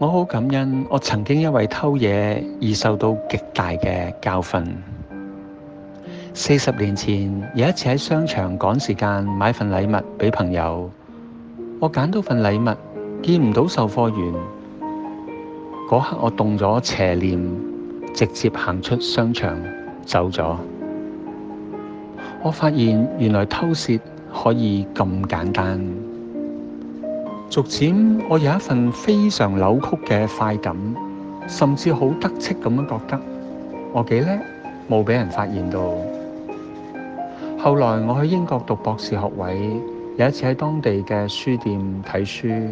我好感恩，我曾經因為偷嘢而受到極大嘅教訓。四十年前，有一次喺商場趕時間買份禮物俾朋友，我揀到份禮物，見唔到售貨員，嗰刻我動咗邪念，直接行出商場走咗。我發現原來偷竊可以咁簡單。逐漸我有一份非常扭曲嘅快感，甚至好得戚咁樣覺得我幾叻，冇俾人發現到。後來我去英國讀博士學位，有一次喺當地嘅書店睇書，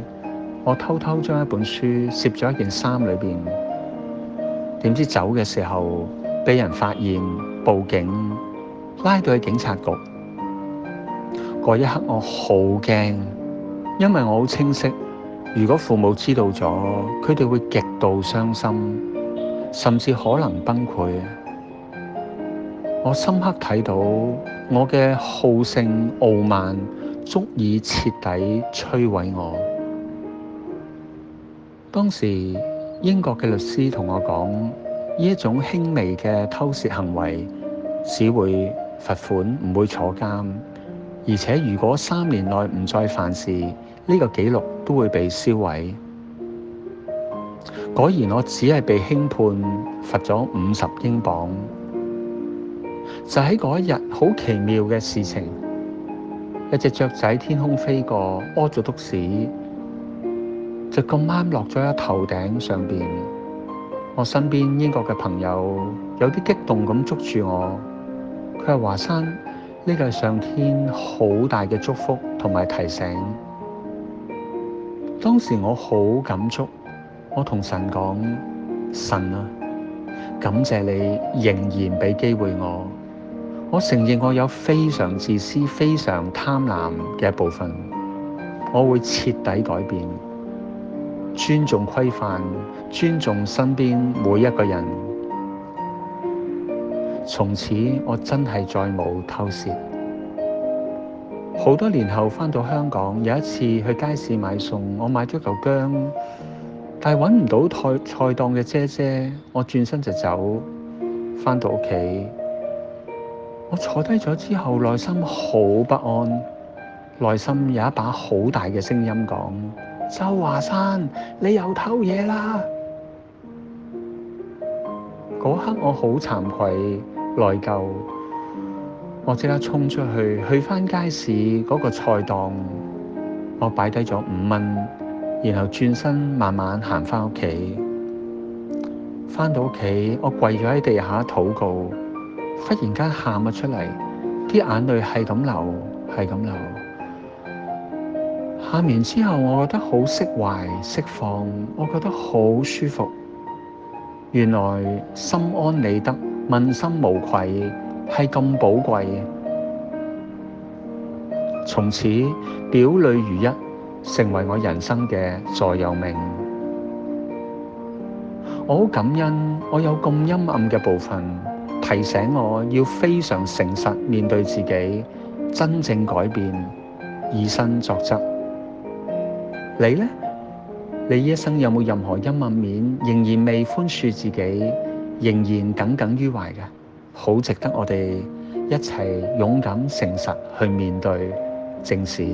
我偷偷將一本書攝咗一件衫裏邊，點知走嘅時候俾人發現，報警拉到去警察局。嗰一刻我好驚。因為我好清晰，如果父母知道咗，佢哋會極度傷心，甚至可能崩潰。我深刻睇到我嘅好勝傲慢足以徹底摧毀我。當時英國嘅律師同我講，呢種輕微嘅偷竊行為，只會罰款，唔會坐監。而且如果三年內唔再犯事，呢、這個記錄都會被銷毀。果然我只係被輕判，罰咗五十英鎊。就喺嗰一日，好奇妙嘅事情，一隻雀仔天空飛過，屙咗督屎，就咁啱落咗喺頭頂上面。我身邊英國嘅朋友有啲激動咁捉住我，佢係華山。呢個係上天好大嘅祝福同埋提醒。當時我好感觸，我同神講：神啊，感謝你仍然俾機會我。我承認我有非常自私、非常貪婪嘅一部分，我會徹底改變，尊重規範，尊重身邊每一個人。從此我真係再冇偷竊。好多年後返到香港，有一次去街市買餸，我買咗嚿薑，但係揾唔到菜菜檔嘅姐姐，我轉身就走。返到屋企，我坐低咗之後，內心好不安，內心有一把好大嘅聲音講：周華山，你又偷嘢啦！嗰刻我好慚愧內疚，我即刻衝出去去翻街市嗰個菜檔，我擺低咗五蚊，然後轉身慢慢行翻屋企。翻到屋企，我跪咗喺地下禱告，忽然間喊咗出嚟，啲眼淚係咁流係咁流。喊完之後我覺得好釋懷釋放，我覺得好舒服。原來心安理得、問心無愧係咁寶貴，從此表裏如一，成為我人生嘅座右銘。我好感恩，我有咁陰暗嘅部分，提醒我要非常誠實面對自己，真正改變，以身作則。你呢？你一生有冇任何陰暗面，仍然未寬恕自己，仍然耿耿於懷嘅，好值得我哋一齊勇敢誠實去面對正視。